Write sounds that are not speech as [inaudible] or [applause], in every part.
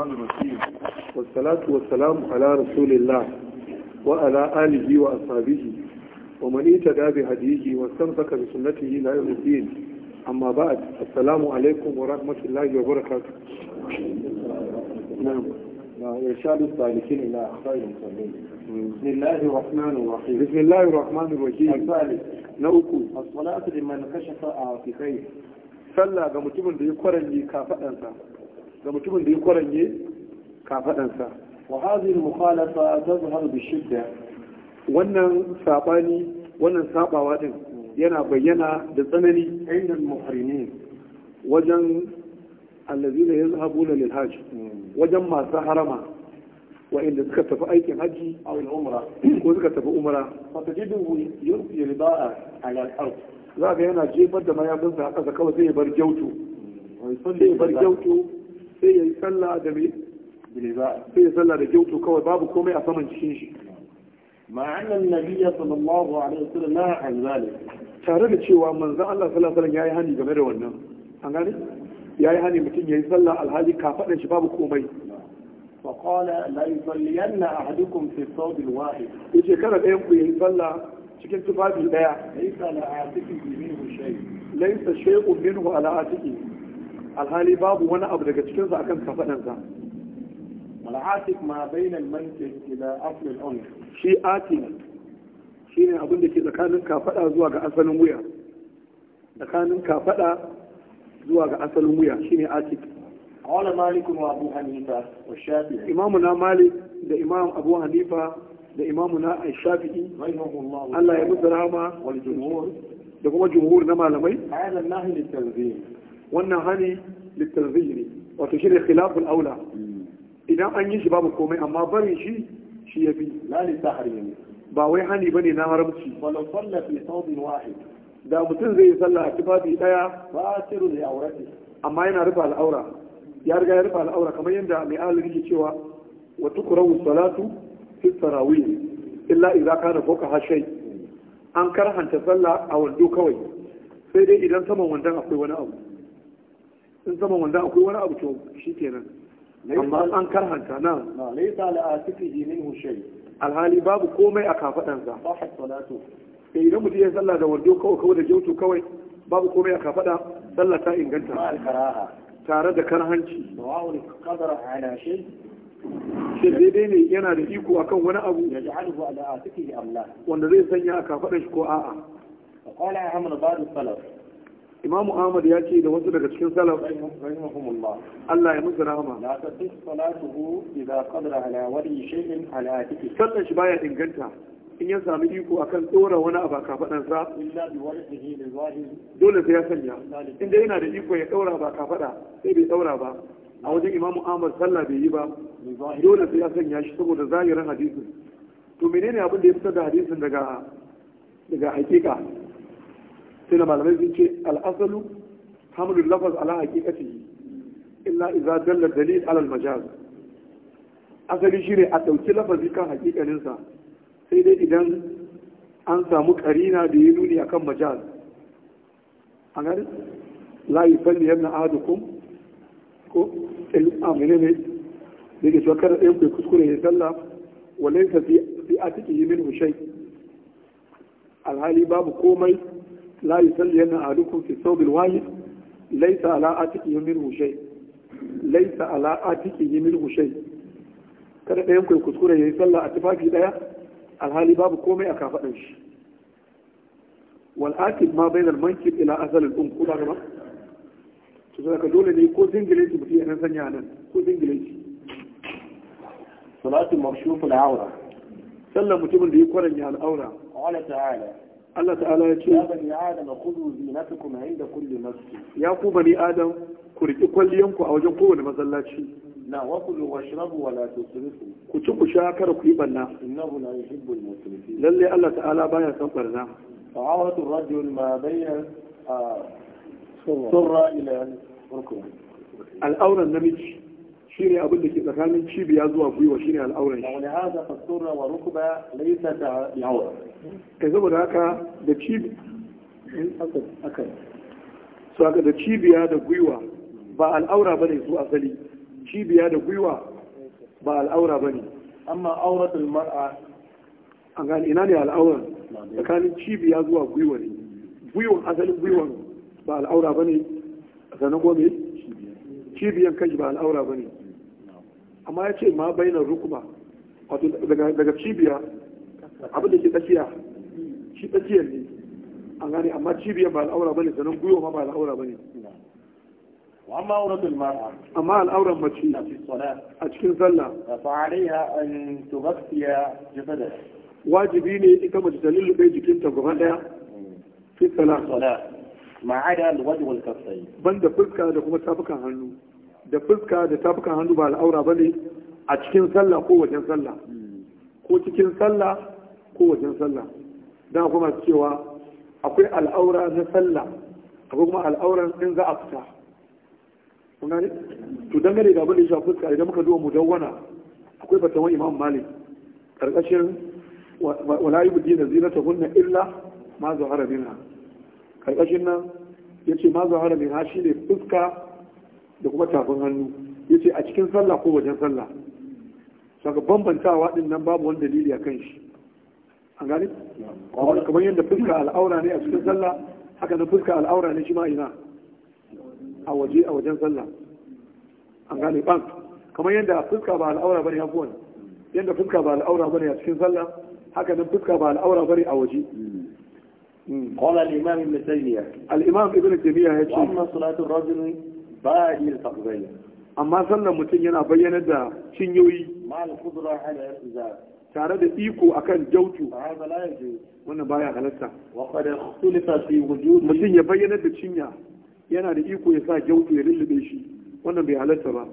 الرحمن الرحيم والصلاة والسلام على رسول الله وعلى آله وأصحابه ومن اهتدى بهديه واستمسك بسنته إلى يوم الدين أما بعد السلام عليكم ورحمة الله وبركاته نعم إرشاد السالكين إلى أخطاء المصلين بسم الله الرحمن الرحيم بسم الله الرحمن الرحيم الثالث نوكو الصلاة لمن كشف عاطفيه صلى بمتمن بيقرن لي كافأنسا ga mutumin da ya kwaranye kafadansa wa hadhihi al-mukhalafa tazhar bi shidda wannan sabani wannan sabawa din yana bayyana da tsanani inda al-muhrimin wajen allazina yazhabuna lil hajj wajen masu harama wa'inda suka tafi aikin haji a umra ko suka tafi umra fata jidu yurfi riba'a ala al-ard za ga yana jefar da mayafinsa a ƙasa kawai zai bar gyautu Zai hmm. bar gyautu sai ya yi sallah da mai sai ya sallah da kyautu kawai babu komai a saman cikin shi ma'anar nabiya sallallahu alaihi wasallam na an zalik tare da cewa manzon Allah sallallahu alaihi ya yi hani game da wannan an gane ya yi hani mutum ya yi sallah alhali kafaɗan shi babu komai فقال لا يصلين احدكم في الصوب الواحد يجي كذا ɗayan ku yayi sallah cikin tufafi daya laysa la atiqi minhu shay laysa shay'un minhu ala atiqi alhali babu wani abu daga cikinsa akan kafadansa al'atik ma bainal mantiq ila asl al-unuf umm. shi ati shine abin da ke tsakanin kafada zuwa ga asalin wuya tsakanin kafada zuwa ga asalin wuya shine ati qala malikun wa abu hanifa wa shafi'i imamu na malik da imam abu hanifa da imamu na shafi'i Allah ya musu rahama da kuma jumhur na malamai ayyana nahi litanzim wannan hani littarzi ne wato shi ne khilaful aula hmm. idan an yi shi babu komai amma barin shi shi ya fi lalin ta harin ba wai hani ba ne na haramci walau sallah fi wahid da mutum zai yi sallah a tufafi daya ba tiru da aurati amma yana rufe al'aura ya riga ya rufe al'aura kamar yadda mai aliri ke cewa wa tukrahu salatu fi tarawih illa idza kana fuka hashay hmm. an karhanta sallah a wando kawai sai dai idan saman wandon akwai wani abu sun zama wanda akwai wani abu to shi kenan amma an karhanta na laisa al'atifihi minhu shay alhali babu komai a kafadansa sahat salatu sai eh, idan mutum ya sallah da wando kawai kawai da jautu kawai babu komai a kafada sallah ta inganta tare da karhanci wa'ul qadara ala shay shi dai ne yana da iko akan wani abu ya ja'aluhu ala atifihi amla wanda zai sanya a kafadan shi ko a'a qala ba ba'd salaf imam muhammad ya ce da wasu daga cikin salaf Allah ya musu rahama la tasih salatuhu idza qadara ala wadi shay'in ala atiki sallan shi baya inganta in ya sami iko akan tsora wani abu ka fadan sa illa bi wajhihi li dole sai ya sanya inda yana da iko ya daura ba ka fada sai bai daura ba a wajen imam muhammad sallah bai yi ba dole sai ya sanya shi saboda zahirin hadisin to menene abin da ya fitar da hadisin daga daga hakika sai na malamai sun ce al'asalu hamdul lafaz ala haqiqati illa idza dalla dalil ala majaz asali shine a ɗauki lafazi kan haƙiƙanin sai dai idan an samu karina da ya nuni akan majaz an gani la yusalli yanna ahadukum ko al amine ne da ke kada ɗayan kai kuskure ya salla walaysa fi fi atiqihi minhu shay alhali babu komai la yusalli yana ahadukum fi thawbil wahid laysa ala atiqihi minhu shay laysa kada ɗayan ku kuskure yayi sallah a tufafi ɗaya alhali babu komai a kafaɗan shi wal atib ma bainal mankib ila asal al um kula gaba to sai ka dole ne ko zingile shi mutum ya nan sanya nan ko zingile shi salatu makshufu al-awra sallan mutumin da ya kwaranya al-awra Allah ta'ala ya ce ya bani adam ya ku bani adam ku kwalliyanku a wajen kowane masallaci na wa kulu washrabu wa la ku ci ku sha kar ku yi banna innahu la musrifin lalle Allah ta'ala baya son barna fa'awatu rajul ma bayna ah, ah, surra ila al al-awra namiji shine abin da ke tsakanin cibiya zuwa gwiwa shine al'auran shi wani hada fasurra wa rukba laysa ta yawon. kai saboda haka da cibiya. akai so haka da cibiya da gwiwa ba al'aura bane su asali cibiya da gwiwa ba al'aura bane amma auratul mar'a an gani ina ne al'auran tsakanin cibiya zuwa gwiwa ne gwiwan asalin gwiwan ba al'aura bane sannan gome cibiyan kai ba al'aura bane amma ya ce ma bayanan rukuma wato daga cibiya abinda ke tsakiya shi tsakiyar ne a gani amma cibiya ba al'aura bane sanan guyo ma ba al'aura bane amma auratul mar'a amma al'auran mace a cikin sallah fa fa'aliha an tughfiya jibada wajibi ne ita mace ta lullube jikinta gaba daya hmm. fi sallah sallah ma'ada alwajh wal kaffayn banda fuska da kuma tafukan hannu da fuska da tafukan hannu ba al'aura bane a cikin sallah ko wajen sallah ko cikin sallah ko wajen sallah dan kuma cewa akwai al'aura na sallah akwai kuma al'aura in za a fita kun to dangane da abin da fuska idan muka duba mudawwana akwai fatawan imam malik karkashin wala ta hunna illa ma zahara minha karkashin nan yace ma zahara shi ne fuska da kuma tafin hannu ya ce a cikin sallah ko wajen sallah saka bambantawa din nan babu wani dalili a kan shi an gani kamar yadda fuska al'aura ne a cikin sallah haka na fuska al'aura ne shi ma ina a waje a wajen sallah an gani ban kamar yadda fuska ba al'aura bane abuwan yadda fuska ba al'aura bane a cikin sallah haka nan fuska ba al'aura bane a waje قال الإمام ابن تيمية الإمام ابن تيمية يقول أما صلاة الرجل ba iya tafzai amma sallar mutum yana bayyana da cinyoyi tare da iko akan jautu wannan baya halatta mutum ya bayyana da cinya yana da iko ya sa jautu ya lullube shi wannan bai halatta ba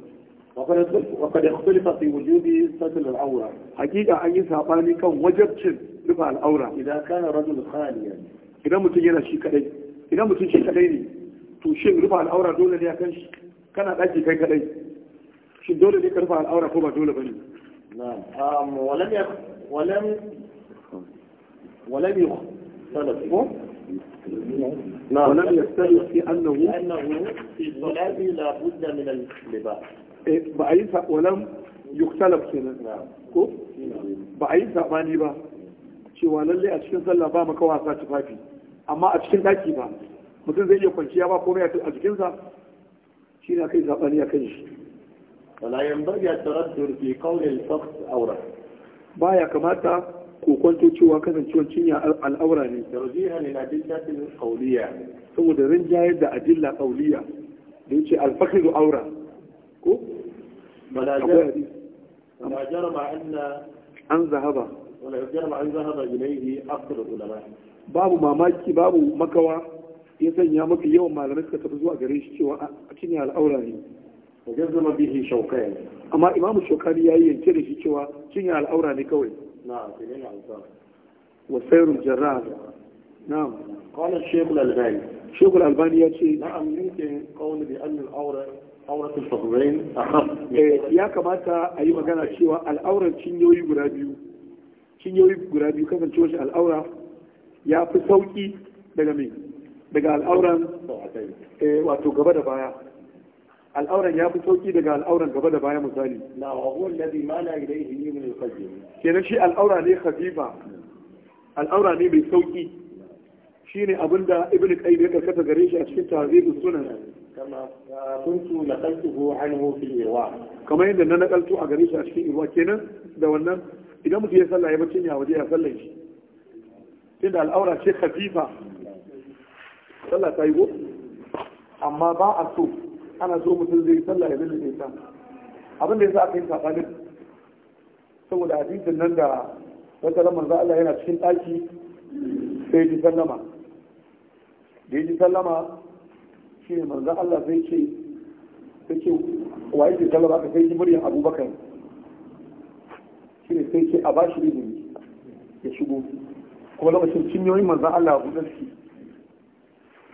وقد اختلف في وجوب ستر العورة حقيقة أن يسابني كان وجبت رفع العورة إذا كان رجل خاليا إذا متجنا شيء كذي إذا متجنا شيء to shin rufe al'aura dole ne a kan shi kana ɗaji kai kaɗai shi dole ne ka karfa al'aura ko ba dole ba ne na'am walam ya walam walam yu salat ko na'am walam ya salat fi annahu annahu fi dhalabi la budda min al-libas eh ba ayi sa walam yuktalab kenan na'am ko ba ayi sa bani ba cewa lalle a cikin sallah ba makawa sa tufafi amma a cikin daki ba mutum zai iya kwanciya ba komai a jikinsa shi na kai zaɓani a kan shi wala yanbaghi at-taraddur fi qawli al aura Ba ya kamata ko kwanto cewa kasancewar cinya al'aura ne tarjihan lil adillati al-qawliya saboda rinjayar da adilla qawliya da yace ce faqd awra ko wala jarma anna an zahaba wala jarma an zahaba ilayhi akthar ulama babu mamaki babu makawa ya sanya mafi yawan malamai suka tafi zuwa gare shi cewa a cinye al'aura ne da zai zama bihin shaukai amma imamu shokani ya yi yanke da shi cewa cinye al'aura ne kawai na wa sayrul jarrah na'am qala shaykh al-albani shaykh al-albani ya ce na'am yumkin qawli bi anna al-awra awrat al-fakhrayn akhaf eh, ya kamata a yi magana cewa al'auran cinyoyi guda biyu cinyoyi guda biyu kasancewar shi al'aura ya fi sauki daga mai daga al'auran eh, wato gaba da baya al'auran ya fi sauki daga al'auran gaba da baya misali na wa huwa alladhi mala yi ibn al-qayyim kenan shi al'aura ne khafifa al'aura ne mai sauki ne abinda ibn qayyim ya karkata gare shi a cikin tazibus sunan kama ah, kuntu anhu fil irwa kama yadda na nakaltu a gare shi a cikin irwa kenan da wannan idan mutum ya sallah ya bacin ya waje ya sallah shi tunda al'aura ce khafifa sallah ta yi go, amma ba a so ana so mutum zai sallah ya zai ta abin da ya sa aka yi sabanin saboda hadisin nan da wata lamar za Allah yana cikin ɗaki sai ji sallama da ya ji sallama shi ne manzan Allah zai ce sai ce wa yake sallama aka sai ji muryar abubakar shi ne sai ce a ba shi izini ya shigo kuma lokacin cinyoyin manzan Allah a buɗe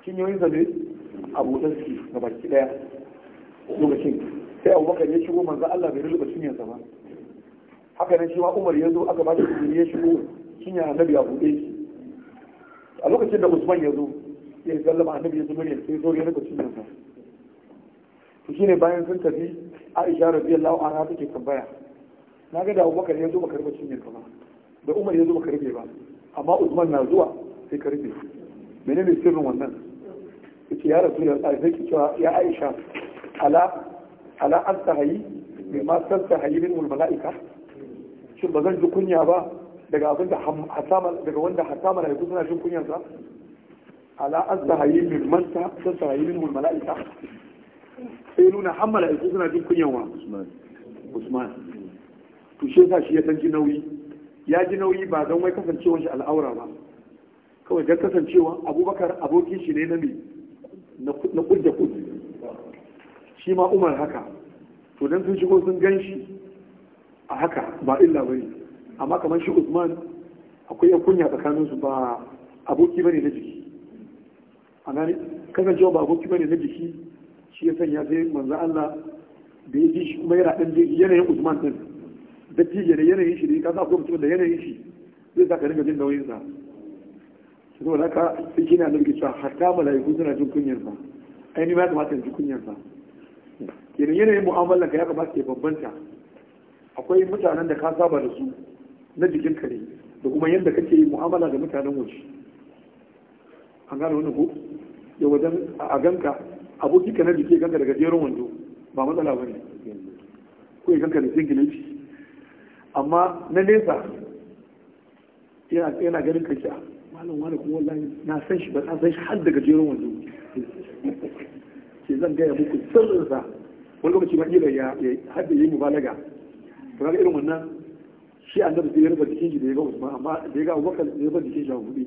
cinyoyin zane a buɗe suke ga baki ɗaya lokacin sai abubakar ya shigo manzan Allah bai rubuta cinyarsa ba haka nan shi ma Umar ya zo aka ba shi ya shigo cinya annabi a buɗe shi a lokacin da Usman ya zo ya sallama annabi ya zo ne sai zo ya rubuta cinyarsa to ne bayan sun tafi Aisha radiyallahu anha take tambaya na ga da Abubakar ya zo baka rubuta cinyarsa ba da Umar ya zo ba rubuta ba amma Usman na zuwa sai ka menene sirrin wannan yace ya rasulullahi sai ki cewa ya aisha ala ala an tahayi bai ma san tahayi min mala'ika shin ba zan ji kunya ba daga abin da hatama daga wanda hatama da yaku suna jin kunyar sa ala an tahayi min manta ta san tahayi min mala'ika sai nuna har mala'iku suna jin kunyar wa usman to shi yasa shi ya san ji nauyi ya ji nauyi ba don wai kasancewar shi al'aura ba kawai don kasancewa abubakar abokin shi ne na mai na kudda kudi shi ma umar haka to dan sun shigo sun gan shi a haka ba illa ba ne amma kamar shi usman akwai yan kunya tsakanin su ba aboki ba ne na jiki a gani kasancewa ba aboki ba ne na jiki shi ya sanya sai manzo Allah da ya ji shi kuma yana ɗan yanayin usman ɗin da ji yanayin shi da ya kasa ko mutum da yanayin shi zai sa ka dinga jin nauyin sa su na ka sai kina da rikicewa hatta mala'iku suna jin kunyar ba ainihin ya kamata ji kunyar ba kenan yanayin mu'amalar ka ya kamata ya bambanta akwai mutanen da ka saba da su na jikin ka ne da kuma yadda kake yi mu'amala da mutanen waje an gane wani ko ya wajen a ganka aboki ka na jiki ganka daga jerin wando ba matsala ba ne ko ya ganka da singileti amma na nesa yana ganin ka malam wani kuma wallahi na san shi ba ta san shi har daga jerin wando ke zan gaya muku sirrinsa wani lokaci ma ila ya har da yi mubalaga to kaga irin wannan shi annabi sai ya rubuta jikin shi da ya ga Usman amma da ya ga Abubakar da ya rubuta jikin shi a buɗe.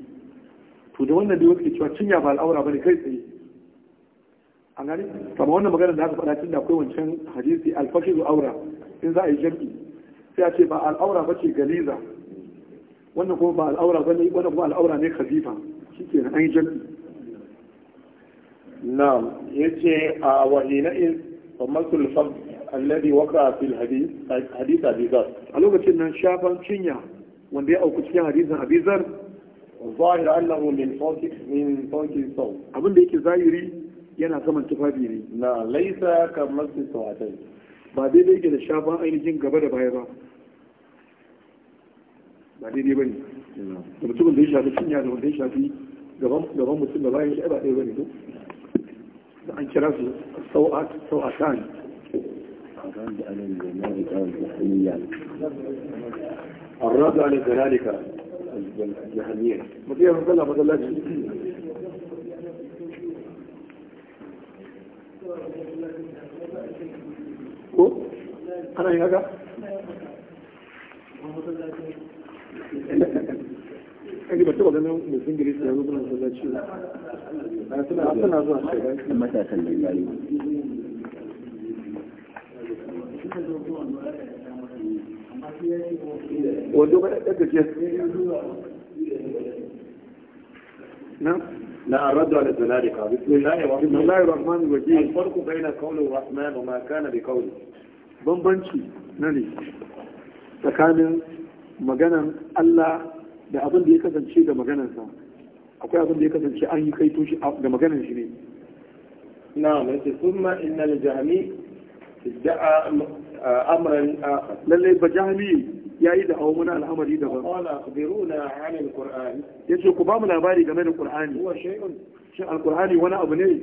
to da wannan dai wake cewa cinya ba al'aura bane kai tsaye A gani kamar wannan magana da aka faɗa tun da akwai wancan hadisi alfakiru aura in za a yi jam'i sai a ce ba al'aura ba ce galiza wannan kuma ba al'aura bane wannan kuma al'aura ne khalifa shike na ayi jabi na'am yace a wahina in ummatul fad alladhi waqa'a fil hadith hadith abizar a lokacin nan shafan cinya wanda ya auku cikin hadisin abizar zahir annahu min fawqi min fawqi saw abin da yake zahiri yana saman tufafi ne na laisa kamar su ba dai yake da shafan ainihin gaba da baya ba ba daidai ba ne da mutumin da ya shafi cinya da wanda ya shafi gaban mutum da bayan shi ba ɗaya ba ne ko da an kira su sau'at sau'atan الرد عن ذلك الجهمية مطيع مطلع مطلع أنا هنا يعني نعم لا أرد على الزنادقة بسم الله بسم الله الرحمن الرحيم الفرق بين قول الرحمن وما كان بقوله بمبنشي نعم تكامل مجنم الله da abin da ya kasance da maganarsa akwai abin da ya kasance an yi kai toshi da maganan shi ne na mace summa inna jami da'a amran akhar lalle bajami yayi da awon al'amari daban qala akhbiruna 'an al-qur'an yace ku ba mu labari game da qur'ani huwa shay'un shi al wani abu ne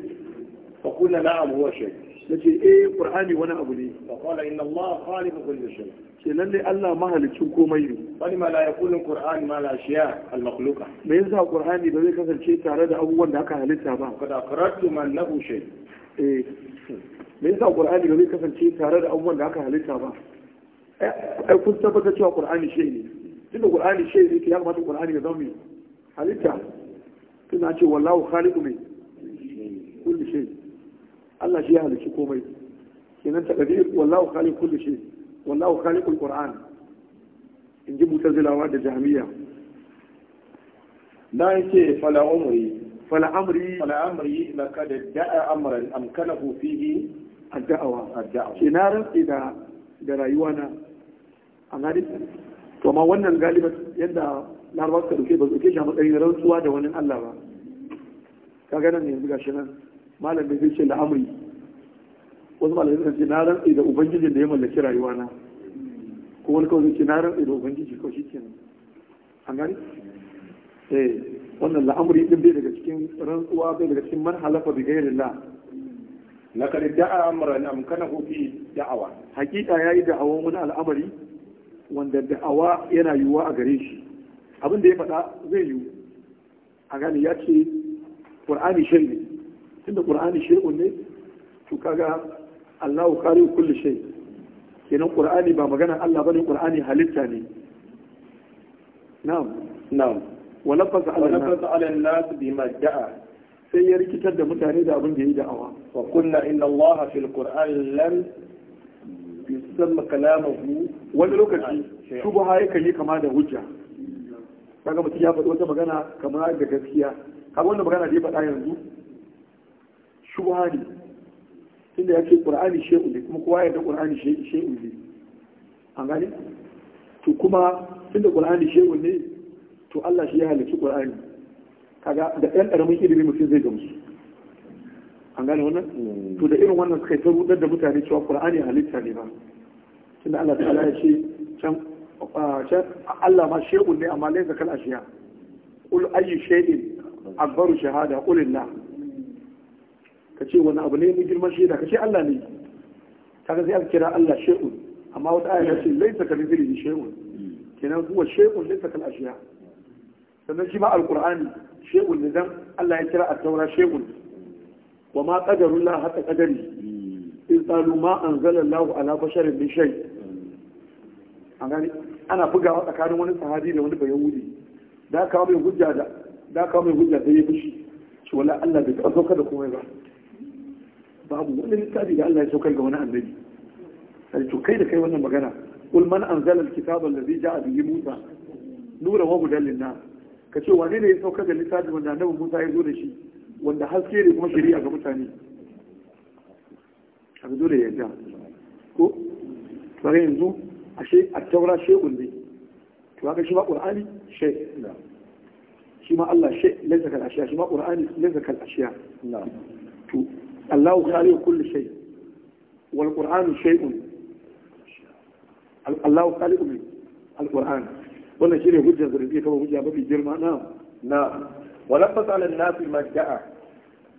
fa qulna na'am huwa shay yace eh qur'ani wani abu ne fa qala inna allaha khaliqu kulli shay' ce lalle Allah mahalicin komai ne wani ma la yaqulu alquran ma la ashiya almakhluqa me yasa qur'ani ba zai kasance tare da abubuwan da aka halitta ba kada qaratu man lahu shay eh me yasa qur'ani ba zai kasance tare da abubuwan da aka halitta ba eh, ai kun tabbata cewa qur'ani shay ne tunda qur'ani shay ne ya kamata qur'ani ya zama halitta tunda ce wallahu khaliqu min kulli shay Allah shi ya halicci komai kenan takdir wallahu khaliqu kulli shay wallahu khaliqul qur'an in ji mutazilawa da jami'a na yake fala umri fala amri fala amri laqad da'a amran amkanahu fihi ad-da'wa ad-da'wa ina rantsi da da rayuwana a gari to amma wannan galiba yadda larabar ka duke ba su shi a matsayin rantsuwa da wani Allah ba ka ganin yanzu gashi nan malam bai zai ce la'amuri. wasu malamai suka ce na rantsi da ubangiji da ya mallaki rayuwa na ko wani kawai zai ce na rantsi da ubangiji ko shikenan an gani eh wannan la'amuri din bai daga cikin rantsuwa bai daga cikin man halafa bi la laqad da'a amkana amkanahu fi da'awa hakika yayi da'awan wani al'amari wanda da'awa yana yiwuwa a gare shi abin da ya faɗa zai yiwu a gani ya ce ƙur'ani shai ne tunda ƙur'ani shai ne to kaga Allahu kari kulli shay kenan qur'ani ba magana Allah bane qur'ani halitta ne na'am na'am wa lafaza ala nas ma da'a sai ya rikitar da mutane da abin da yi da'awa wa kunna inna Allah fil qur'an lam yusamma kalamuhu wani lokaci shubha yake yi kama da hujja kaga mutum ya faɗi wata magana kama da gaskiya kaga wannan magana da ya faɗa yanzu shubha ne tunda ya ce ƙur'ani shehu ne kuma kowa yarda ƙur'ani shehu ne an gani to kuma tunda ƙur'ani shehu ne to Allah shi ya halicci ƙur'ani kaga da ɗan ƙaramin ilimi mutum zai gamsu an gane wannan mm. to da irin wannan suka yi ta da mutane cewa ƙur'ani halitta ne ba tunda Allah ta ya ce can Allah ma shehu ne amma laisa kal ashiya qul ayyu shay'in akbaru shahada qul lillah ka ce wani abu ne mai girman shaida ka ce Allah ne kaga sai aka kira Allah shay'un amma wata aya ta ce laysa ka mithlihi shay'un kenan huwa shay'un laysa kal ashiya sannan shi ma alqur'ani shay'un ne dan Allah ya kira a taura shay'un wa ma qadarullah hatta qadari in qalu ma anzala Allah ala basharin min shay an gani ana bugawa tsakanin wani sahabi da wani bayahudi da kawo mai hujja da da kawo mai hujja sai ya fushi shi wala Allah bai taɓa saukar da komai ba babu wani littafi da Allah ya saukar ga wani annabi sai to kai da kai wannan magana ul man anzala alkitaba alladhi ja'a bihi Musa nuran wa hudan linnas ka ce wani ne ya saukar da littafi wanda annabi Musa ya zo da shi wanda haske ne kuma shari'a ga mutane a zo da ja ko bare yanzu ashe a taura shekun ne to haka shi ba qur'ani shay shi ma Allah shay laysa kal ashiya shi ma qur'ani laysa kal ashiya to Allahu khaliqu kulli shay wal qur'anu shay'un Allahu khaliqu al qur'an wannan shine hujjar da zai kawo hujja mafi girma na na walaffas ala nafi majda'a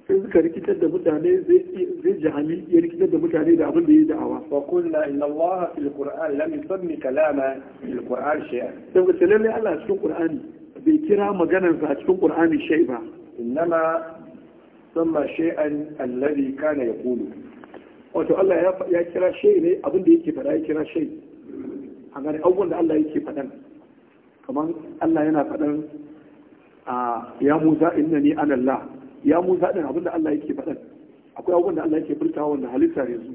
sai suka rikitar da mutane zai jahali ya rikitar da mutane da abin da ya da'awa wa kullu inna Allah fil qur'an lam yusammi kalama fil qur'an shay'a sai ka lalle Allah cikin qur'ani bai kira maganar sa cikin qur'ani shay ba innama sama shay'an alladhi kana yaqulu wato Allah ya kira shay ne abin da yake fada ya kira shay a gani abubuwan da Allah yake faɗan kamar Allah yana faɗan a ya Musa innani ana Allah ya muza din abin da Allah yake faɗan akwai abubuwan da Allah yake furtawa wanda halitta ne su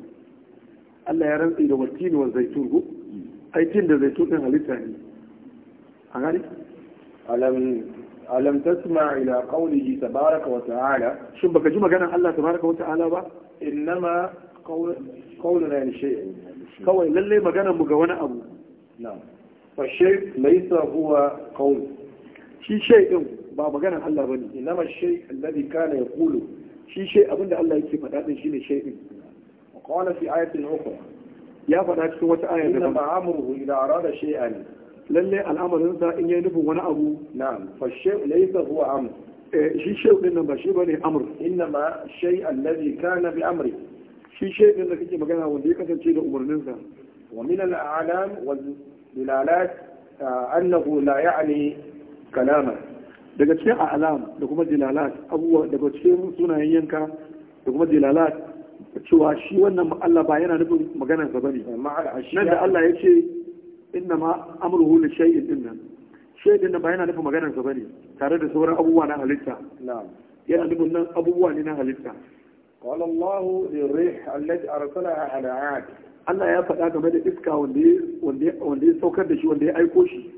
Allah ya rantsi da watini wa zaitun ko aitin da zaitun din halitta ne a gani alam alam tasma ila qawlihi tabaraka wa ta'ala shin baka ji maganar Allah tabaraka wa ta'ala ba innama qawluna li shay'in kawai lalle maganar mu ga wani abu na'am fa shay laysa huwa qawl shi shay din ba maganar Allah bane innama shay alladhi kana yaqulu shi shay abinda Allah yake faɗa din shine shay din qala fi ayatin ukhra ya faɗa cikin wata aya daban inna ma'amuhu idza arada shay'an lalle al'amarinsa in yayi nufin wani abu na'am fa shay'u laysa huwa amr eh, shi shay'u din nan ba shi bane amr inna ma shay allazi kana bi amri shi shay'u din da kake magana wanda ya kasance da umarninsa wa min al'alam wal dilalat ah, annahu la ya'ni kalama daga cikin a'lam da kuma dilalat abubuwa daga cikin sunayen yanka da kuma dilalat cewa shi wannan Allah ba yana nufin maganarsa bane nan da Allah ya ce inna ma amruhu li shay'in din nan shay'in nan ba yana nufin maganar sa bane tare da sauran abubuwa na halitta na'am yana nufin nan abubuwa ne na halitta qala Allah lirih allati arsalaha ala 'ad Allah ya faɗa game da iska wanda ya saukar da shi wanda ya aiko shi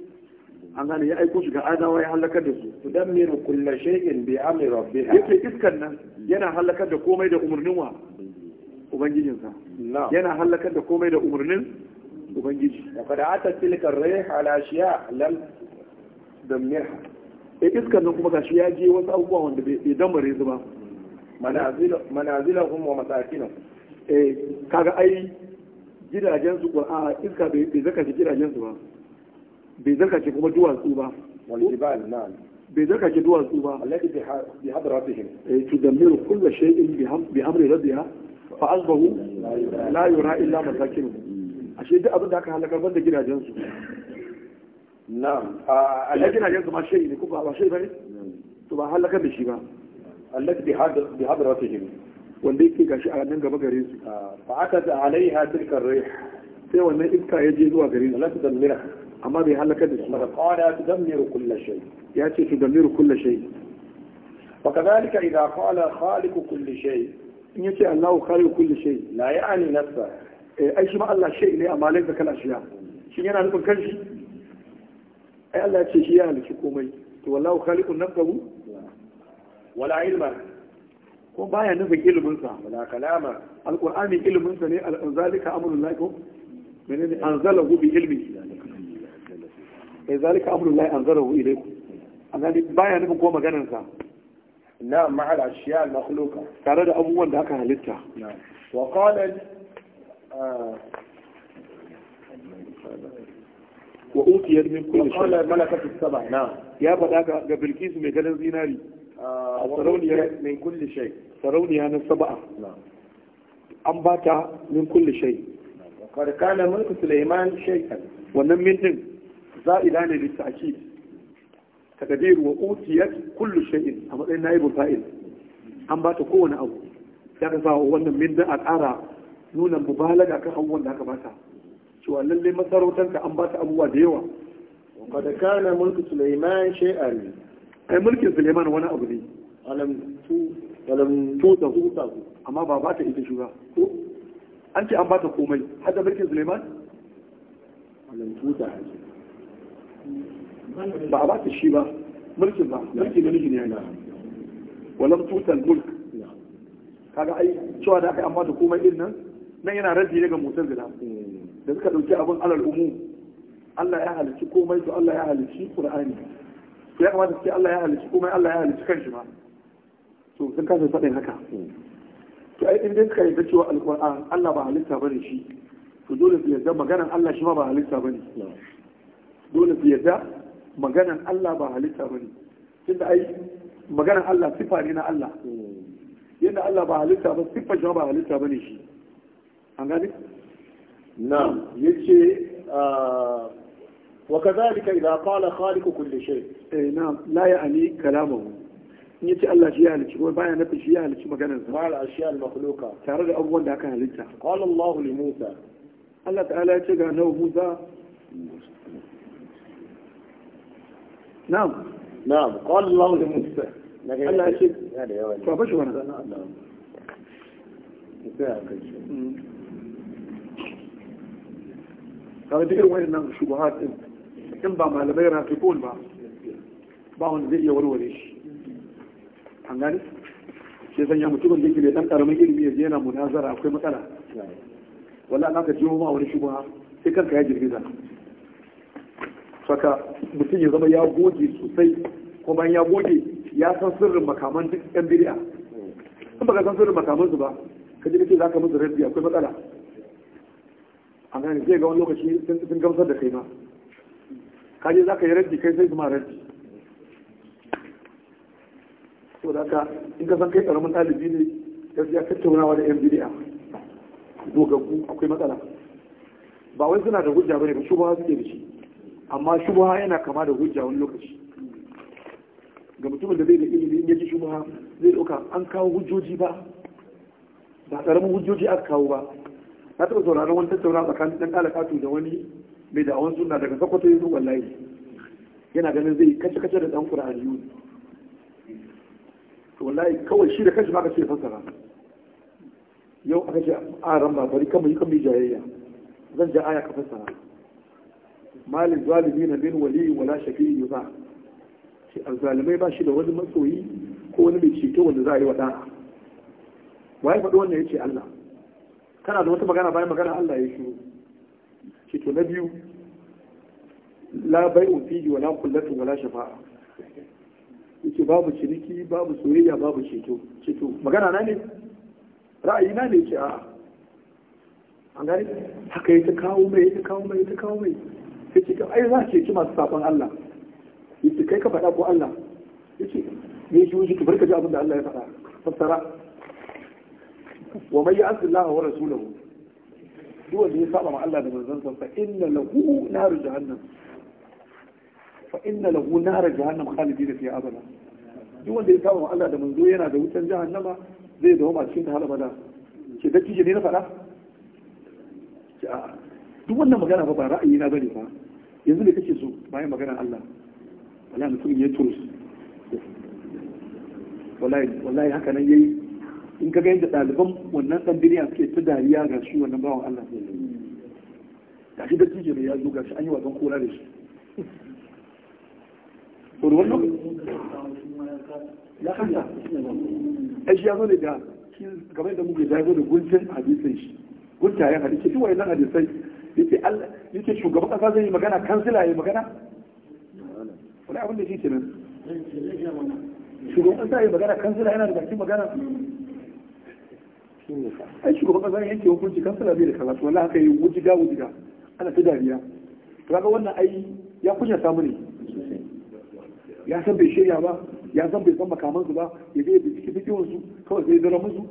an gane ya aiko shi ga adawa ya halakar da su tudammiru kullu shay'in bi amri rabbiha yake iskan nan yana halakar da komai da umarnin wa ubangijinsa yana halakar da komai da umarnin ubangiji da kada ata tilkar rai halashiya lal da mirha e eh, iskar nan kuma gashi ya je wasu abubuwa wanda bai damare su ba manazila kuma wa masakinan eh kaga ai gidajen su a iska bai zaka ji gidajen su ba bai zaka ji kuma duwatsu ba wal na. bai zaka ji duwatsu ba allati bi hadratihim eh tudammiru kull shay'in bi amri rabbiha fa asbahu la yura illa masakinuhum ashe duk abin da aka halaka ban da gidajensu na'am a na gidajen ma shayi ne ko ba shayi bane to ba halaka da shi ba allati bi hadratihim wanda yake gashi a nan gaba gare su fa aka ta alaiha tilka rih sai wannan iska ya je zuwa gare su allati damira amma bai halaka da shi ba qala tudammiru kull shay ya ce tudammiru kull shay وكذلك إذا قال خالق كل شيء إن يتي الله خالق كل شيء لا يعني نفسه Eh, ai shi ma Allah shi ne a malai kala ashiya. shi yana nufin kanshi ai Allah ce shi ya halici komai to wallahu khaliqun nafsahu wala ilma ko baya nufin ilmin sa wala kalama alqur'ani ilmin sa ne alzalika amrul ko menene anzalahu bi ilmi ai eh, zalika amrullahi anzalahu ilayku annabi baya nufin ko maganar sa na ma'al ashiya al makhluqa tare da abubuwan da aka halitta wa qala wa utiyar min kulli shay'in qala malakatu sab'a na ya faɗa ga ga bilkisu mai ganin zinari ah, a sarauniya min kulli shay sarauniya na sab'a an ba ta min kulli shay qad kana mulku sulaiman shay'an wannan min din za'ida ne bi ta'kid takadir wa utiyat kullu shay'in a matsayin naibul fa'il an ba ta kowane abu ya ka sa wannan min din a ƙara nuna mubalaga kan abubuwan da aka ba ta. cewa lallai masarautar ka an ba ta abubuwa da yawa wa da kana mulki Sulaiman shay'an ai mulkin Sulaiman wani abu ne alam tu alam tu da huta amma ba ta ita shi ko an ce an ba ta komai har da mulkin Sulaiman alam tu da ba a ta shi ba mulkin ba mulkin mulki ne yana walam tutal mulk kaga ai cewa da aka amma da komai din nan nan yana raji daga motar zila mm. da suka ɗauki abin alal umu Allah ya halicci komai to Allah ya halicci Qur'ani to ya kamata su ce Allah ya halicci komai Allah ya halicci kanshi ma to sun kasa faɗin haka mm. to ai in dai suka yarda cewa alquran Allah ba halitta bane shi to dole su yarda maganan Allah shi ma ba halitta bane dole su yarda maganan Allah ba halitta bane tunda ai maganan Allah sifa ne na Allah mm. yadda Allah ba halitta ba sifa shi ba halitta bane shi an na. na'am yace ah, wa kadhalika idza qala khaliqu kulle shi eh na la ani kalamahu in yace Allah shi ya halicci kuma baya nafi shi ya halicci maganar sa ma'al ashiyal makhluqa tare da abubuwan da aka halitta qala Allah li Musa Allah ta'ala ya ce ga nawa Musa na'am na'am qala Allah li Musa Allah ya ce ka bashi wannan na'am kaga duk irin wayannan shubuhat din in ba malamai na fi kowane ba ba wanda zai iya warware shi an gani sai sanya mutumin da yake mai dan karamin ilimi ya je yana munazara akwai matsala wala na ka jiwo ma wani shubuha sai kanka ya girgiza saka mutum ya zama ya goge sosai kuma ya goge ya san sirrin makaman duk yan bid'a in baka san sirrin makaman su ba ka ji kace zaka musu raddi akwai matsala a gane zai ga wani lokaci sun gamsar da kai ma je za ka yi raddi kai sai su ma So to da ka in ka san kai karamin ɗalibi ne gaskiya tattaunawa da yan bidi'a dogaggu akwai matsala ba wai suna da hujja bane ba shubha suke da shi amma shubha yana kama da hujja wani lokaci ga mutumin da zai da ilimi in yaji shubha zai ɗauka an kawo hujjoji ba ba ƙaramin hujjoji aka kawo ba na taɓa sauraron wani tattauna tsakanin ɗan alakatu da wani mai da awon suna daga sakwato yi zuwa layi yana ganin zai kace kace da ɗan kura yuni to wallahi kawai shi da kashi ma ka ce fasara yau aka ce a ah, ran ba bari kan yi kan mu jayayya zan ja aya ka fassara malin zalimi na bin wali wala yi ba shi alzalimai ba shi da wani masoyi ko wani mai ceto wanda za a yi wa da'a wai faɗi wannan ya ce Allah kana da wata magana bayan magana Allah ya shi shi to na biyu la bai'u fihi wala kullatu wala shafa'a yace babu ciniki babu soyayya babu ceto ceto magana na ne ra'ayi na ne ce a'a an gani haka ya ta kawo mai ya ta kawo mai ya ta kawo mai sai ce ai za ce ci masu sabon Allah yace kai ka faɗa ko Allah yace ne shi wuce ka barka ji abin da Allah ya faɗa fassara wa mai yi asillaha a rasulahu duk wanda ya saba ma Allah da manzansa fa inna lahu nar jahannam fa abada duk wanda saba ma Allah da manzo yana da wutan jahannama zai dawo ma cikin ta har da kije ne na faɗa duk wannan magana ba ba ra'ayi na bane Allah wala ya yayi in ka ga yadda ɗaliban wannan ɗan biriya suke ta dariya ga shi wannan bawan Allah ga shi da cije mai zo ga shi an yi wasan kora da shi ruwan lokacin ya kanta ai shi ya zo ne da kamar da muke zai zo da guntun hadisai shi gunta ya hadisi duk wayannan hadisai yace Allah yace shugaban kasa zai yi magana kansila yayi magana wani abin da shi kenan shugaban kasa yayi magana kansila yana da bakin magana ai shugaban kasa yanke hukunci kansala bai da kaza to wallahi yi wujiga wujiga ana ta dariya kaga wannan ai ya kunya samu ne ya san bai shirya ba ya san bai san makamansu ba ya je bincike fikihun su kawai zai zara musu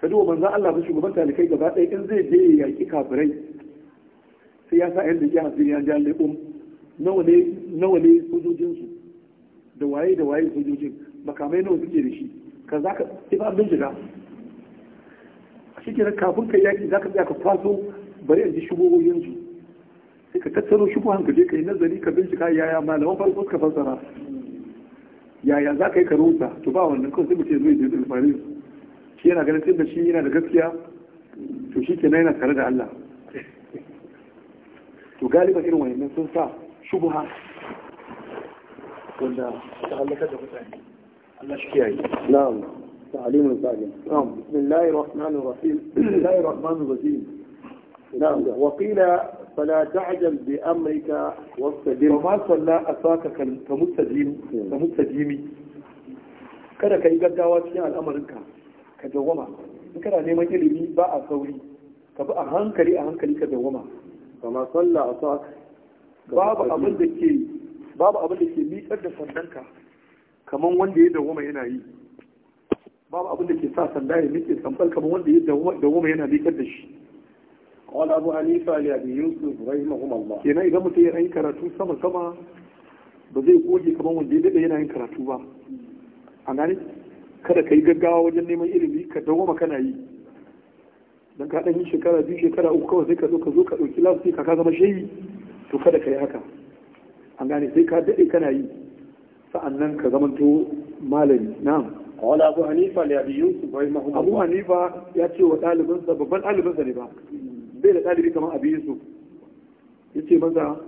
ka duba manzon Allah ba shugaban talikai gaba ɗaya in zai je ya yaki kafirai sai ya sa yadda dake hasin ya jan leƙum nawa ne nawa ne sojojin su da waye da waye sojojin makamai nawa suke da shi ka kaza ka ibadun jira shi kenan kafin ka yaki za ka ka faso bari a ji shubuhoyin yanzu sai ka tattaro shubuhan ka je ka yi nazari ka bincika yaya malaman farko suka fassara yaya za ka yi ka rubuta to ba wannan kawai sai mutum zai je alfarin shi yana ganin tunda shi yana da gaskiya to shi kenan yana tare da Allah to galiban irin wannan sun sa shubuha wanda ta halaka da mutane Allah shi kiyaye na'am تعليم تعليم نعم بسم الله الرحمن الرحيم [clears throat] بسم الله الرحمن الرحيم نعم وقيل فلا تعجل بأمرك واستدم وما صلى أساك kada ka yi gaggawa cikin al'amarinka ka dawwama in kana neman ilimi ba a sauri ka bi a hankali a hankali ka dawwama kama sallah asak babu abin da ke babu abin da ke miƙar da sandanka kaman wanda ya dawwama yana yi babu abin da ke sa sanda ya nike samfal kamar wanda ya dawoma yana likar da shi abu yusuf قال أبو حنيفة idan يوسف رحمهما الله كنا karatu sama ينعي ba zai goge kamar قوجي كمان وندي yin karatu ba. با gane kada ka yi gaggawa wajen neman ilimi ka dawoma kana yi dan ka dan yi shekara biyu shekara uku kawai sai ka zo ka zo ka ɗauki lafi ka ka zama shehi to kada ka yi haka an gane sai ka dade kana yi sa'annan ka zamanto malami na'am wala abu hanifa ne abu yusuf wai mahmud abu hanifa ya ce wa ɗalibinsa babban ɗalibinsa ne ba bai da dalibi kamar abu yusuf ya ce maza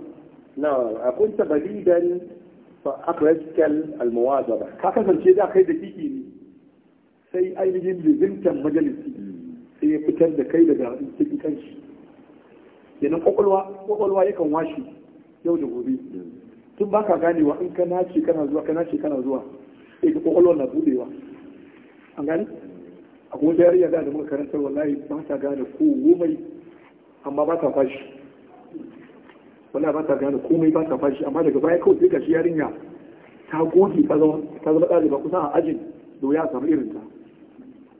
na a kunta balidan fa akwaiskel almuwaza ba ka kasance da kai da kiki ne sai ainihin bibintan majalisi sai ya fitar da kai daga cikin kanshi kenan kwakwalwa kwakwalwa yakan washe yau da gobe tun baka ganewa in ka nace kana zuwa ka nace kana zuwa sai na a kuma da yariya da muka karanta ba ta gane komai amma ba ta fashi amma daga baya kawai sai ga yarinya ta goge ta zama ɗaliba kusa a ajin da wuya irinta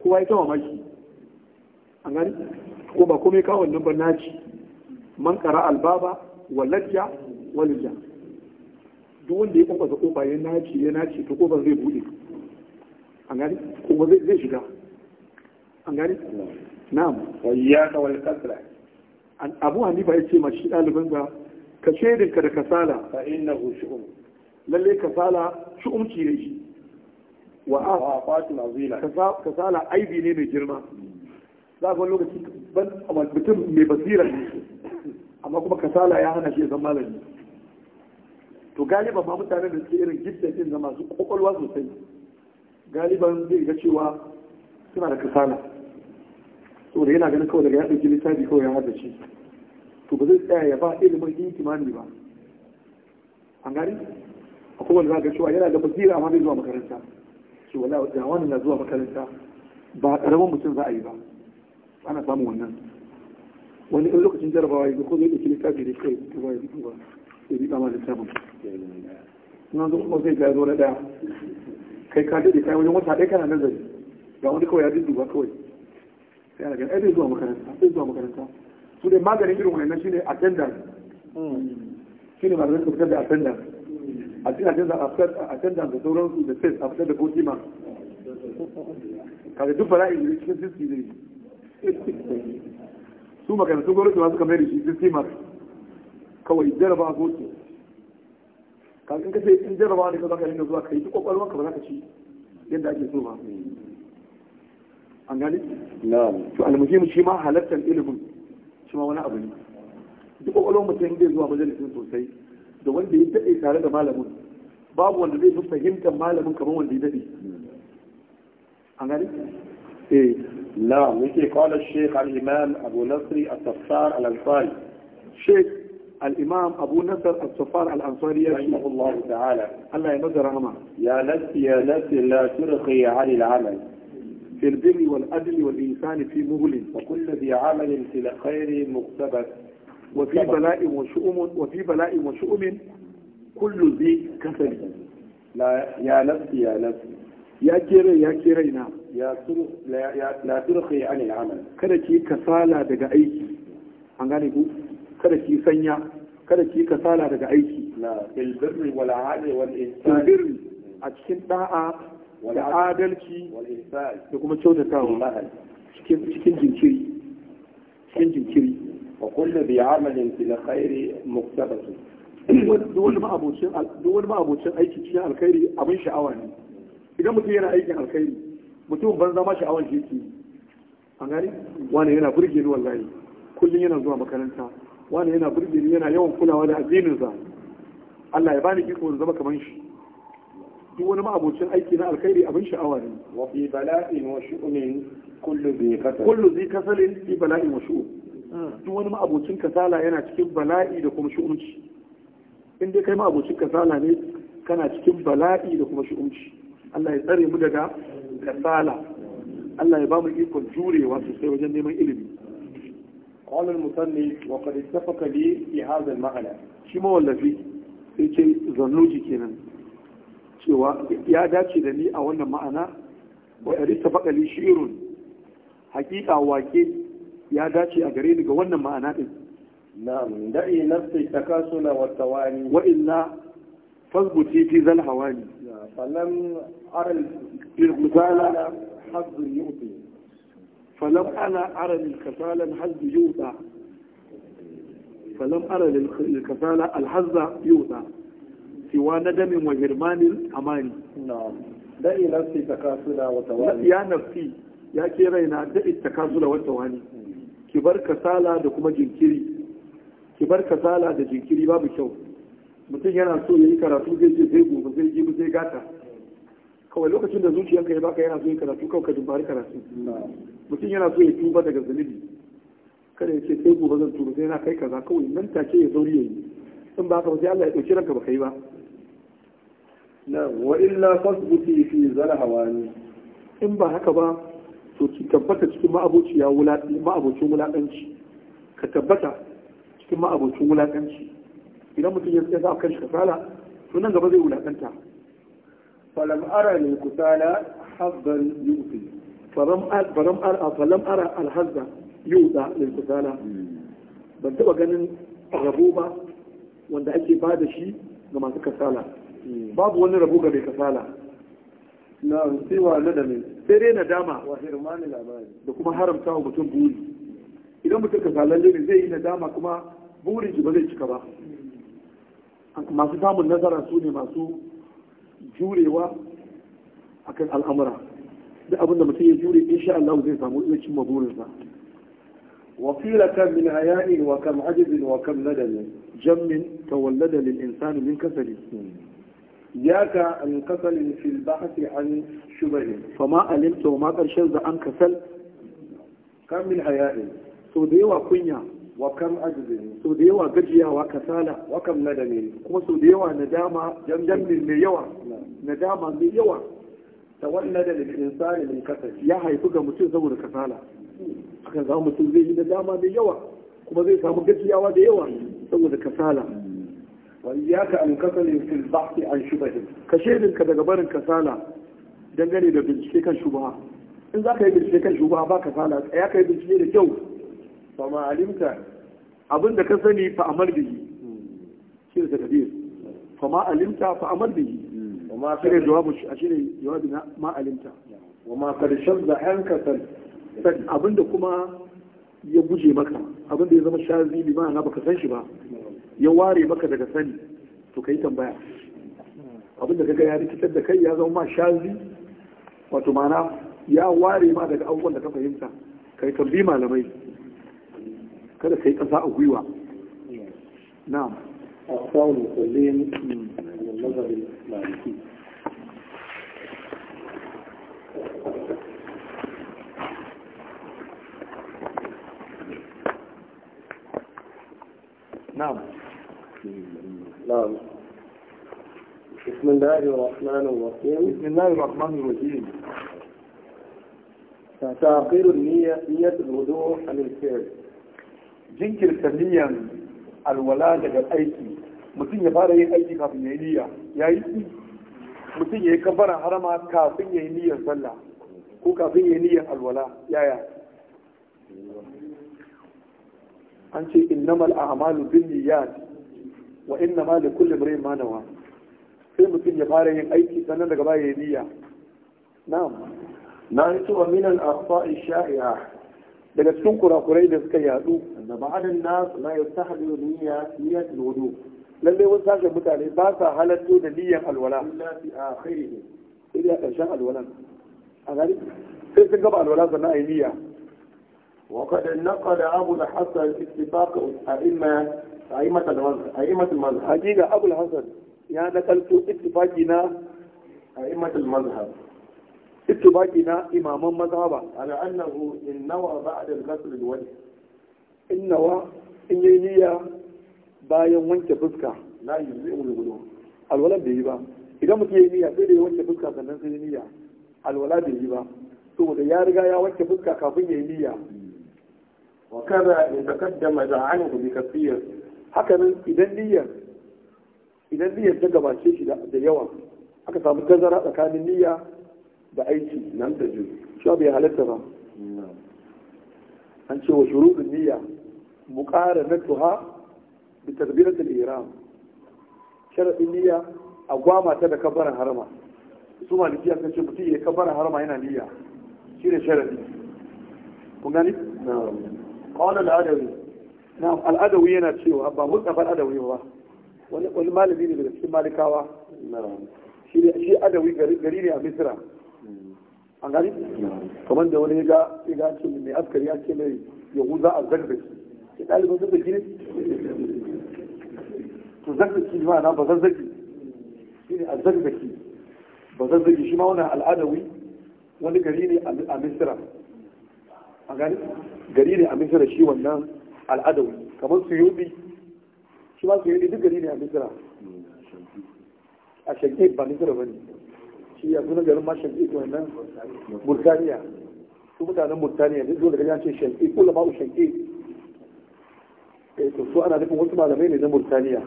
kowa ya an ko ba komai kawon nan ba naci man kara albaba walajja walajja duk wanda ya kwakwasa kofa ya nace ya nace to kofa zai bude an gani kuma zai zai shiga an gani na'am ya iyyaka wal kasra an abu hanifa ce ma shi ɗaliban ga ka ka da kasala fa innahu shu'um lalle kasala ki ne shi wa afatul azila kasala aibi ne mai girma za ka lokaci ban mutum mai basira ne amma kuma kasala ya hana shi ya malami to galiban ma mutanen da suke irin gifted din na masu kwakwalwa sosai galiban zai ga cewa suna da kasala saboda yana ganin kawai daga ya ɗauki littafi kawai ya haɗa shi to ba zai tsaya ya ba ilimin intimani ba an gani a wanda za ga cewa yana da basira amma zai zuwa makaranta shi wala da wani na zuwa makaranta ba ƙaramin mutum za a yi ba ana samun wannan wani in lokacin jarabawa ya ko zai ɗauki littafi da kai ba ya ba sai bi da littafin na zo kuma zai ga zo daya kai ka daɗe kai wajen wata ɗaya kana nazari ga wani kawai ya dudduba kawai sai ana gani ai zuwa makaranta zai zuwa makaranta su dai maganin irin wannan shine attendance shine maganin fitar da attendance a cikin attendance a attendance da sauransu da test a fitar da ko kima kaga duk bala'i ne cikin sisti ne su makarantu gwamnati ma suka mai da shi sisti mark kawai jaraba zo ke kafin kace in jaraba ne ka zaka rinka zuwa kai duk kokarin ka ba za ci yadda ake so ba an gani na'am to almuhim shi ma halattar ilimin shi ma wani abu ne duk kokarin mutum zai zuwa majalisin sosai da wanda ya dade tare da malamin babu wanda zai fi fahimtar malamin kamar wanda ya dade an gani eh na'am yake qala shaykh al-imam abu nasri as-saffar al-ansari shaykh الإمام أبو نصر الصفار الأنصاري رحمه الله تعالى الله ينظر رحمه يا نفس يا نفس لا ترخي عن العمل في البر والعدل والإنسان في مهل وكل ذي عمل في الخير مقتبس وفي بلاء وشؤم وفي بلاء وشؤم كل ذي كسل لا يا نفس يا نفس يا كيري يا كيرينا يا ترخ لا, لا ترخي عن العمل كذا كي كسالة دقائق أنغاني kada ki sanya kada ki kasala daga aiki fil birri wal a cikin da'a da adalci da kuma kyautatawa cikin jinkiri cikin jinkiri wa kullu bi amalin fil khairi muktabatu duk wani ma'abocin duk ma'abocin aiki cikin alkhairi abin sha'awa ne idan mutum yana aikin alkhairi mutum ban zama sha'awar shi yake an gani wani yana burge ni wallahi kullum yana zuwa makaranta wani yana burge ni yana yawan kulawa da za. Allah ya bani iko zama kaman shi duk wani ma'abocin aiki na alkhairi abin sha'awa ne wa fi bala'in wa shu'umin kullu bi kasal kullu bi kasalin fi bala'in wa shu'um duk wani ma'abocin kasala yana cikin bala'i da kuma shu'umci in dai kai ma'abocin kasala ne kana cikin bala'i da kuma shu'umci Allah ya tsare mu daga kasala Allah ya ba mu ikon jurewa sosai wajen neman ilimi قال المصنف وقد اتفق لي في هذا المعنى شي ما wallafi sai ce zannuji kenan cewa ya dace da ni a wannan ma'ana wa arista faƙali shi'irun hakika wake ya dace a gare ni ga wannan ma'ana din na'am da'i nafsi takasula wa tawani wa illa fasbuti fi zal hawani falam aral irqutala hadd yu'ti فلم أنا أرى للكفالة الحظ يوضع فلم أرى للكفالة الحظ يوضع سوى ندم وهرمان الأمان نعم دعي نفسي تكاسلا وتواني يا نفسي يا كيرينا دعي التكاسلا والتواني kibar kasala da kuma jinkiri kibar kasala da jinkiri babu kyau mutum yana so ya yi karatu zai je zai gobe zai jibi zai gata kawai lokacin da zuciyarka ya baka yana so yin karatu kawai ka dubbari karatu mutum yana so ya tuba daga zunubi kada ya ce sai gobe zan tuba sai na kai kaza kawai nan take ya zauri yayi in ba ka ba sai Allah ya dauki ranka ba kai ba na wa illa fasbuti fi zalhawani in ba haka ba to ki tabbata cikin ma'abociya wulaɗi ma'abocin wulaƙanci ka tabbata cikin ma'abocin wulaƙanci idan mutum ya tsaya kan shi kasala to nan gaba zai wulaƙanta falam ara ne kusala habban yufi falam ara alhazza yuda lil kusala ban taba ganin rabo ba wanda ake ba da shi ga masu kasala hmm. babu wani rabo ga mai kasala na cewa na da mai sai dai na dama da kuma haramta wa mutum buri idan mutum kasalalle ne zai yi na dama kuma burin shi ba zai cika ba masu samun nazara su ne masu jurewa akan al'amura da abin da mutum ya jure insha Allah zai samu zai cimma burinsa وقيل كم من عياء وكم عجز وكم لدل جم تولد للإنسان من كسل ياك كسل في البحث عن شبه فما ألمت وما أرشد عن كسل كم من عياء سودي وكنيا وكم عجز سودي وقجيا وكسالة وكم لدل كما سودي وندامة جم جم من يوى ندامة من يوى tawallada lil insani min kasal ya haifi ga mutum saboda kasala akan zama mutum zai yi da dama da yawa kuma zai samu gajiyawa da yawa saboda kasala wa iyyaka an kasalin fil bahthi an shubahi ka shedinka daga barin kasala dangane da bincike kan shubaha in za ka yi bincike kan shubaha ba kasala ya ka yi bincike da kyau fa ma alimta abin da ka sani fa amar bihi shi da takdir fa ma alimta fa amar bihi وما كان جواب اشير جواب ما علمت وما قد شذ عنك أبن كما يبجي مكة أبن دي يزما شاذي بما انا بك سنشبه يواري مكة دك سني تكي tambaya abin da kaga ya rikitar da kai ya zama ma shazi wato mana ya ware ma daga abubuwan da ka fahimta kai tambi malamai kada kai kasa a gwiwa na'am المذهب المالكي نعم نعم بسم الله الرحمن الرحيم بسم الله الرحمن الرحيم تأخير النية نية الوضوء عن الفعل جنكر سميا الولاء لدى mutum ya fara yin aiki kafin ya yi niyya ya yi mutum ya yi kafara harama kafin ya yi niyyar sallah ko kafin ya yi niyyar alwala yaya an ce innamal a'malu bin niyyat wa innama li kulli imrin ma nawa sai mutum ya fara yin aiki sannan daga baya ya niyya na'am na yi tuba minan akhfa'i sha'i'a daga cikin kurakurai da suka yadu da ba'adan nas la yastahdiru niyyat niyyat wudu' lallai يقول sashen mutane ba sa halatto da niyyar alwala sai a ƙarshen alwalan a gani sai sun gaba alwala sannan a yi niyya وقد نقل أبو الحسن اتفاق أئمة أئمة المذهب أئمة المذهب حقيقة أبو الحسن يعني نقلت اتفاقنا أئمة المذهب اتفاقنا امام المذهب على أنه إن نوى بعد الغسل الوجه إن نوى إن ينيا bayan wanke fuska zai yuzil gudu alwala bai yi ba idan mutum ya yi niyya sai da ya wanke fuska sannan sai ya niyya alwala bai yi ba saboda ya riga ya wanke fuska kafin ya yi niyya wa kaza in da da'anhu bi kathir haka nan idan niyyar idan niyyar ta gabace shi da yawa aka samu tazara tsakanin niyya da aiki nan da ju shi ya halatta ba an ce wa shurudun niyya tuha. bi takbiratul ihram sharadin niyya a ta da kabbaran harama su malikiya sun ce mutum ya kabbaran harama yana niyya shine sharadi kun gani na'am qala al na'am al yana cewa ba mustafa al-adawi ba wani malami ne cikin gari ne a misira an gani kamar da wani ya ga ce mai askari ya ce mai yahuza a zarbe ɗalibin sun gini to zarzaki ma na ba zarzaki shi ne a zarzaki ba zarzaki shi ma wani al'adawi wani gari ne a misira a gani gari ne a misira shi wannan al'adawi kamar su yobi shi ma su yobi duk gari ne a misira a shanke ba misira ba ne shi ya suna garin ma shanke ko wannan burtaniya su mutanen burtaniya duk dole gari an ce shanke ko ma'u shanke to su ana nufin wasu malamai ne na murtaniya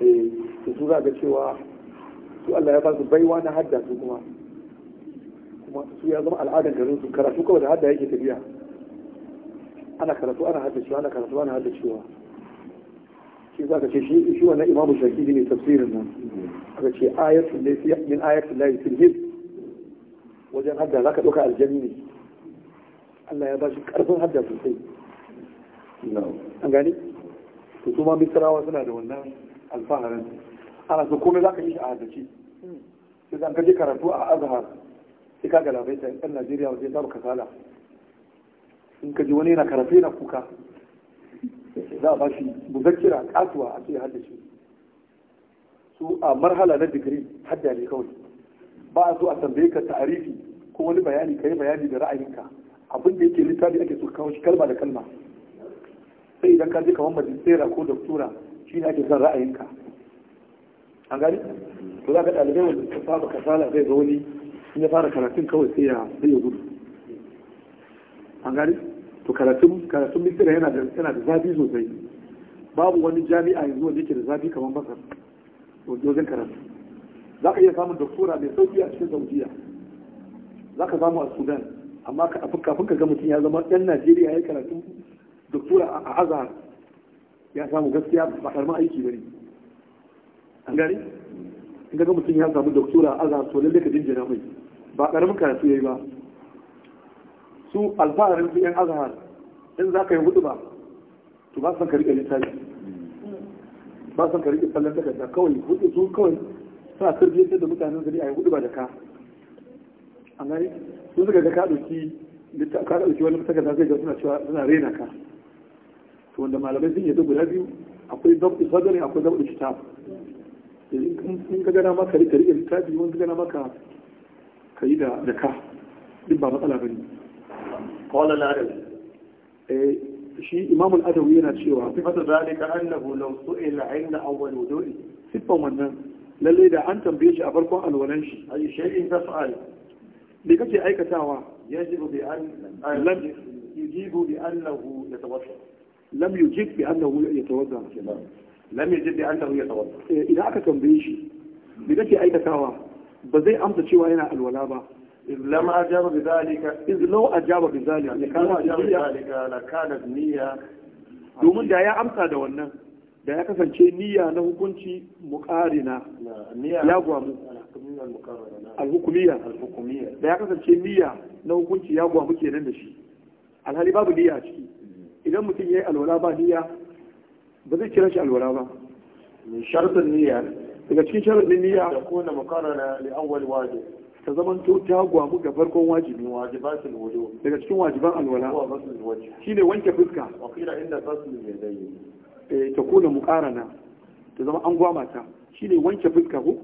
eh su za ga cewa su Allah ya ba su baiwa na hadda su kuma kuma su ya zama al'adan garin su karatu kawai da hadda yake tafiya ana karatu ana haddacewa ana karatu ana haddacewa shi za ka ce shi shi wannan imamu shakidi ne tafsirin nan aka ce ayatul laysi min ayatul laysi fil hizb wajen hadda za ka ɗauka aljami ne Allah ya ba shi ƙarfin hadda sosai an gani to su ma misrawa suna da wannan alfaharin ana so komai za ka yi a haddace sai zan kaje karatu a azhar sai ka galabai ta yan najeriya wajen babu kasala in ka ji wani yana karatu yana kuka za a bashi muzakkira kasuwa a ce haddace su a marhala na digiri hadda ne kawai ba a so a tambaye ka ta'arifi ko wani bayani ka yi bayani da ra'ayinka abin da yake littafi ake so kawo shi kalma da kalma sai idan ka je kamar majistera ko doktora shi ne ake son ra'ayinka an gani to za ka ɗalibai wanda ka saba kasala zai ga wani in ya fara karatun kawai sai ya sai ya gudu an gani to karatun karatun misira yana da yana da zafi sosai babu wani jami'a yanzu wanda yake da zafi kamar masar wajen karatu za ka iya samun doktora mai sauki a cikin saudiya za ka samu a sudan amma kafin ka ga mutum ya zama ɗan najeriya ya karatu doktora a azhar ya samu gaskiya ba karma aiki ne, an gani in ga mutum ya samu doktora a azhar to lalle ka jinjina mai ba karamin karatu ya yi ba su alfaharin su yan azhar in za ka yi hudu ba to ba san ka rike littafi ba san ka rike sallan takarda kawai hudu su kawai sa sirri da mutanen gari a yi hudu ba da ka an gani sun suka ga ka ɗauki ka ɗauki wani takarda zai ga suna cewa suna rena ka to wanda malamai sun yadda guda biyu akwai zabu sadari akwai zabu kitab eh, in ka gana maka rike rike littafi wani ka gana maka ka yi da ka duk ba matsala ba ne qala al-adawi eh, shi imam al yana cewa sifatu zalika annahu law su'ila 'inda awwal wudu'i sifan wannan lalle da an tambaye shi a farkon alwalan shi ayi shay'in taf'al me kace aikatawa yajibu bi an lam yujibu bi annahu yatawadda lam yujib bi annahu yatawadda lam eh, idan aka tambaye shi me kake aikatawa ba zai amsa cewa yana alwala ba إذ لم أجاب بذلك إذ لو أجاب بذلك لكان أجاب بذلك لكانت نية domin da ya amsa da wannan da ya kasance niyya na hukunci mukarina ya gwamu alhukumiya da ya kasance niyya na hukunci ya gwamu kenan da shi alhali babu niyya a ciki idan mutum ya yi alwala ba niyya ba zai kira shi alwala ba sharfin niyya daga cikin sharfin niyya da kuna makarana li awwal waje. ta zaman to ta gwamu ga farkon wajibi wajibatul daga cikin wajiban alwala shine wanke fuska wa qila inda ghusl yadayni eh ta kuna muqarana ta zama an gwama ta shine wanke fuska ko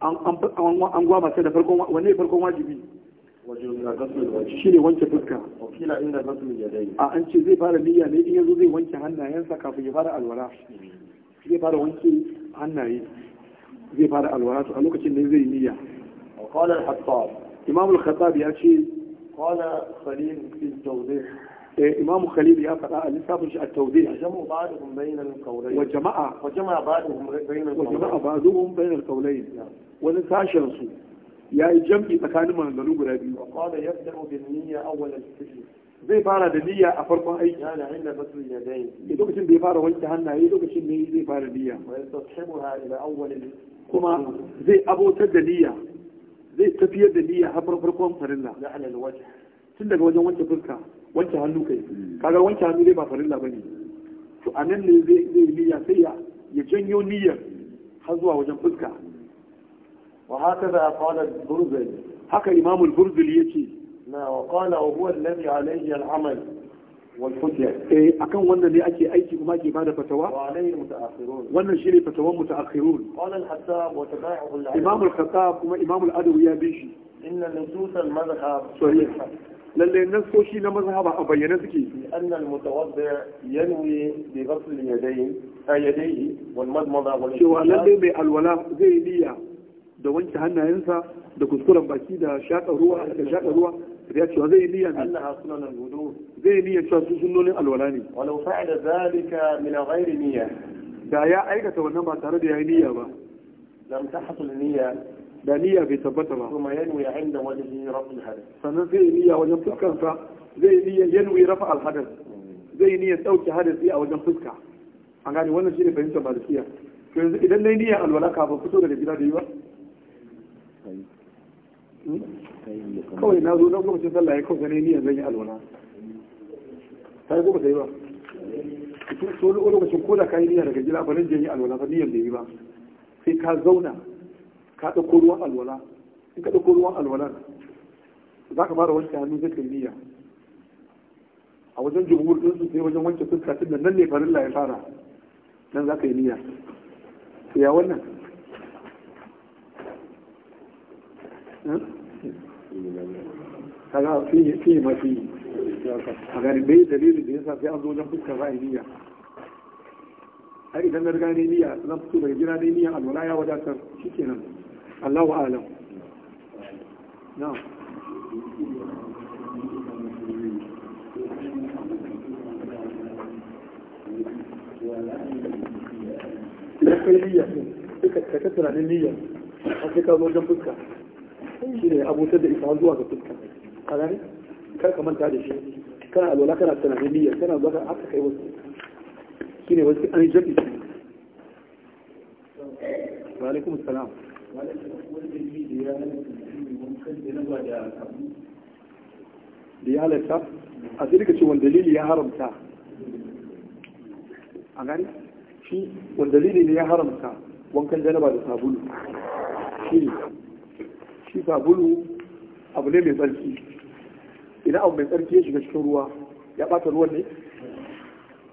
an an gwama ta da farkon wanne farkon wajibi shi ne wanke fuska wakila inda gasul yadai a an ce zai fara niyya ne in yanzu zai wanke hannayensa kafin ya fara alwala zai fara wanke hannaye zai fara alwala a lokacin da zai niyya qala al-hattab imam al-khattab ya ce qala khalil fi tawdih إمام خليل يقرأ لسافر التوضيح وجمع بعضهم بين القولين وجمع وجمع بعضهم بين القولين وجمع بعضهم بين القولين ولساشر سوء ya yi jam'i tsakanin maganganu guda biyu qala yabda'u bin niyya awwal al-fi'l zai fara da niyya a farkon aiki yana inda basu ya dai lokacin da ya fara wanke hannaye lokacin ne zai fara niyya kuma zai abotar da niyya zai tafiyar da niyya har farkon farilla tun daga wajen wanke fuska wanke hannu kai hmm. kaga wanke hannu dai ba farilla bane to anan ne zai niyya sai ya janyo niyyar har zuwa wajen fuska wa hakaza qala al-burzali haka imam al-burzali yace na wa qala wa huwa alladhi alayhi al-amal wal hujja eh akan wannan ake aiki kuma ke bada fatawa wa alayhi mutaakhirun wannan shine fatawan mutaakhirun qala al-hattab wa tabaa'u al-ilm imam al-khattab kuma imam al ya bi shi inna nusus al-madhhab sahiha lalle nasoshi na mazhaba a bayyane suke anna al cewa mai alwala zai niyya da wanke hannayensa da kuskuren baki da shaƙa ruwa da shaƙa ruwa ya ce zai niyan Allah niyya wudu zai niyan cewa su sunnonin alwala ne walau fa'ala zalika min ghairi niyya da ya aikata wannan ba tare da yayi niyya ba lam tahsul niyya da niyya bai tabbata ba kuma yanwi inda wajhi rafi alhadath sanan zai niyya wajen fuskarsa zai niyya yanwi rafa al alhadath zai niyya dauke hadasi a wajen fuska an gane wannan shine fahimtar malikiya to yanzu idan nayi niyya alwala ka ba fito daga gida da yi ba Hmm? kawai na zo na lokacin sallah ya kawai ganin niyan zan yi alwala ta yi goma ta yi ba so lokacin ko da ka yi niyar daga gida ba nan je yi alwala ba niyan bai yi ba sai ka zauna ka ɗauko ruwan alwala in ka ɗauko ruwan alwala za ka fara wanke hannu zai kai niyya a wajen jumhur din su sai wajen wanke fuska tun da nan ne farin ya fara nan za ka yi niyya ya wannan kaga fiye fiye mafi a gani dalilin da yasa sai an zo wajen fuskar ra'ayi niyya ai idan na riga ne niyya zan fito daga gida ne niyya alwala ya wadatar shikenan Allahu a'lam na'am kai niyya shi ne da isa zuwa ga fuska a gani kar ka manta da shi kana alwala kana tana niyyar kana zaka aka kai wasu shi ne wasu an jabi wa alaikum salam da ya halatta a sai duka ce wani ya haramta a gani shi wani ne ya haramta wankan janaba da sabulu shi ne shi sabulu abu ne mai tsarki idan abu mai tsarki ya shiga cikin ruwa ya ɓata ruwan ne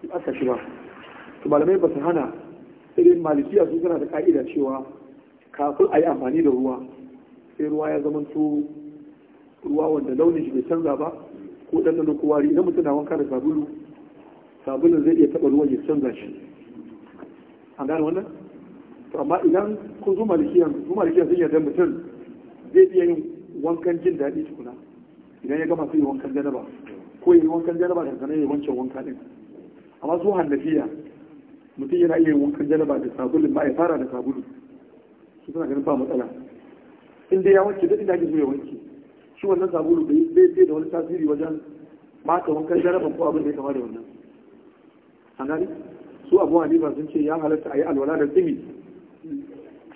ya aka shi ba to malamai ba su hana irin malikiya su suna da ka'ida cewa kafin a yi amfani da ruwa sai ruwa ya zama to ruwa wanda launin shi bai canza ba ko ɗanɗano ko wari idan mutum na wanka da sabulu sabulun zai iya taɓa ruwan ya canza shi an gane wannan to amma idan kun zo malikiyan zo malikiyan sun yarda mutum zai iya yin wankan jin daɗi tukuna idan ya gama sai wankan janaba ko yi wankan janaba da sanar yi wancan wanka ɗin amma su hannafiya mutum yana iya yin wankan janaba da sabulun ma ya fara da sabulu su suna ganin ba matsala in dai ya wanke da inda ake so ya wanke shi wannan sabulu bai bai da wani tasiri wajen mata wankan janaba ko abin da ya kama da wannan an gani su abu hanifa sun ce ya halatta a yi alwala da tsimi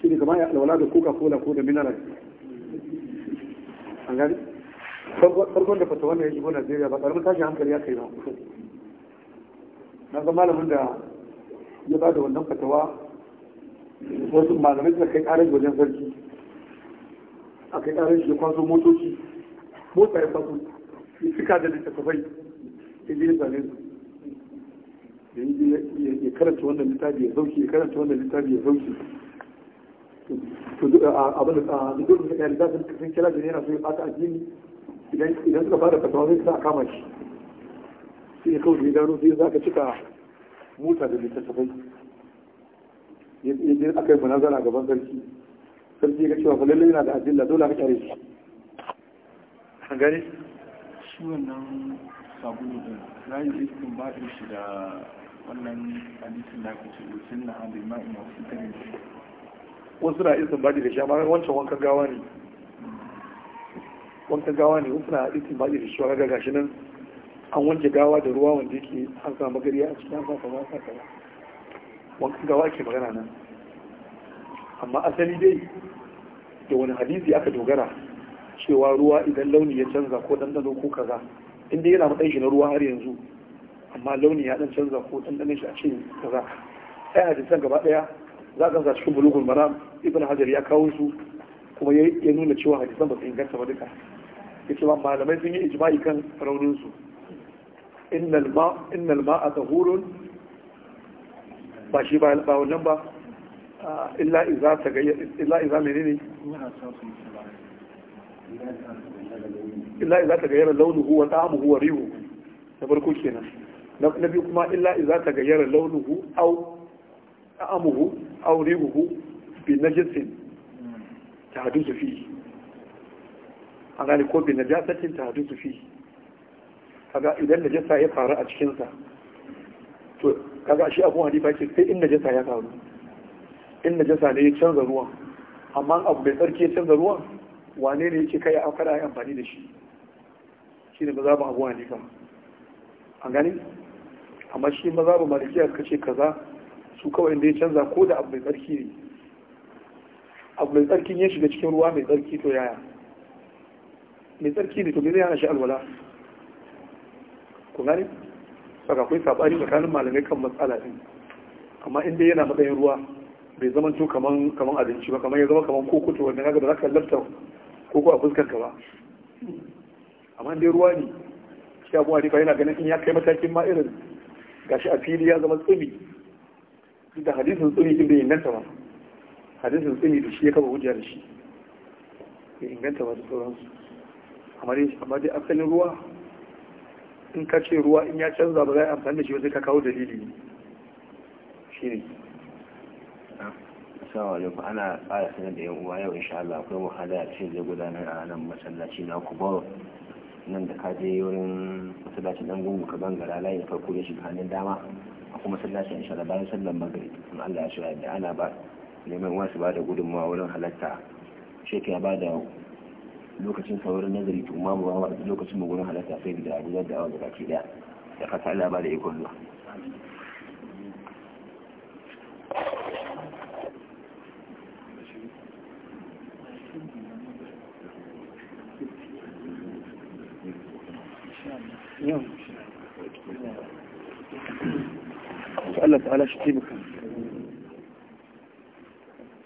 shi ne kama ya alwala da coca cola ko da mineral an gani farkon da fata wanda ya shigo najeriya ba karamin tashin hankali ya kai ba na ga malamin da ya ba da wannan fatawa wasu malamai suka kai karar wajen sarki a kai karar shi kwanso motoci mota ya kwaso suka da littattafai ya zane su ya karanta wannan littafi ya zauki ya karanta wannan littafi ya zauki abin da duk da yarda sun sun kira da yana so ya bata addini idan idan suka fara fatawa zai sa kama shi sai ya kawai gano sai za ka cika mota da littattafai yadda aka yi munazara gaban sarki sarki ga cewa falalle yana da adilla dole a kyare shi an gane shi wannan sabulu da rayu iskin baɗin shi da wannan hadisin da aka ce lusin na hadin ma'ina wasu tarin wasu na isin baji da shi amma wancan wankan gawa ne wankan gawa ne wasu na isin baji da shi wani gashi nan an wanke gawa da ruwa wanda yake an samu gari a cikin an samu kaza sa ba wankan gawa ke magana nan amma asali dai da wani hadisi aka dogara cewa ruwa idan launi ya canza ko ɗanɗano ko kaza inda yana matsayin shi na ruwa har yanzu amma launi ya dan canza ko dandano shi a ce kaza ɗaya da hadisan gaba ɗaya za ka sa cikin bulugun maram ibn hajar ya kawo su kuma ya nuna cewa hadisan ba su inganta ba duka ya ce ba malamai sun yi ijma'i kan raunin su innal a tahurun ba shi ba wannan ba illa iza ta gayya illa iza menene illa iza ta gayyara launuhu wa ta'amuhu wa rihu na farko kenan na biyu kuma illa iza ta gayyara launuhu au ta'amuhu au rihuhu bi najisin ta hadu su fi an gane ko bi najasatin ta hadu su fi kaga idan najasa ya faru a cikinsa to kaga shi abu hadifa ce sai in najasa ya faru in najasa ne ya canza ruwan amma abu mai tsarki ya canza ruwan wane ne yake kai a kada amfani da shi shi ne za abu hanifa an gani amma shi ba mazaɓin malikiya suka ce kaza su kawai da ya canza ko da abu mai tsarki ne abu mai tsarkin ya shiga cikin ruwa mai tsarki to yaya mai tsarki ne to mai zai shi alwala ku gani saka akwai sabani tsakanin malamai kan matsala din amma inda yana matsayin ruwa bai zama to kaman kaman abinci ba kaman ya zama kaman koko to wanda kaga da za ka lafta koko a fuskar ka ba amma dai ruwa ne shi abu hanifa yana ganin in ya kai matakin ma irin gashi a fili ya zama tsumi da hadisin tsumi din bai inganta ba hadisin tsini da shi ya kaba hujja da shi ya inganta masu sauransu amma dai asalin ruwa in ka ce ruwa in ya canza ba za a yi amfani da shi wasu ka kawo dalili shi ne ne ba ana ƙara sanar da 'yan uwa yau insha Allah akwai muhada ce zai gudanar a nan masallaci na Kubawa nan da ka je wurin masallacin dan gungu ka gangara layin farko da shi hannun dama a kuma masallacin insha Allah bayan sallan magari in Allah ya shirya da ana ba neman wasu ba da gudunmawa wurin halatta shekara ba da lokacin saurin nazari to ma ba da lokacin mu gurin halatta sai da gudanar da awon da daya da kasa ala ba da ikon zuwa Allah ta'ala shi taimaka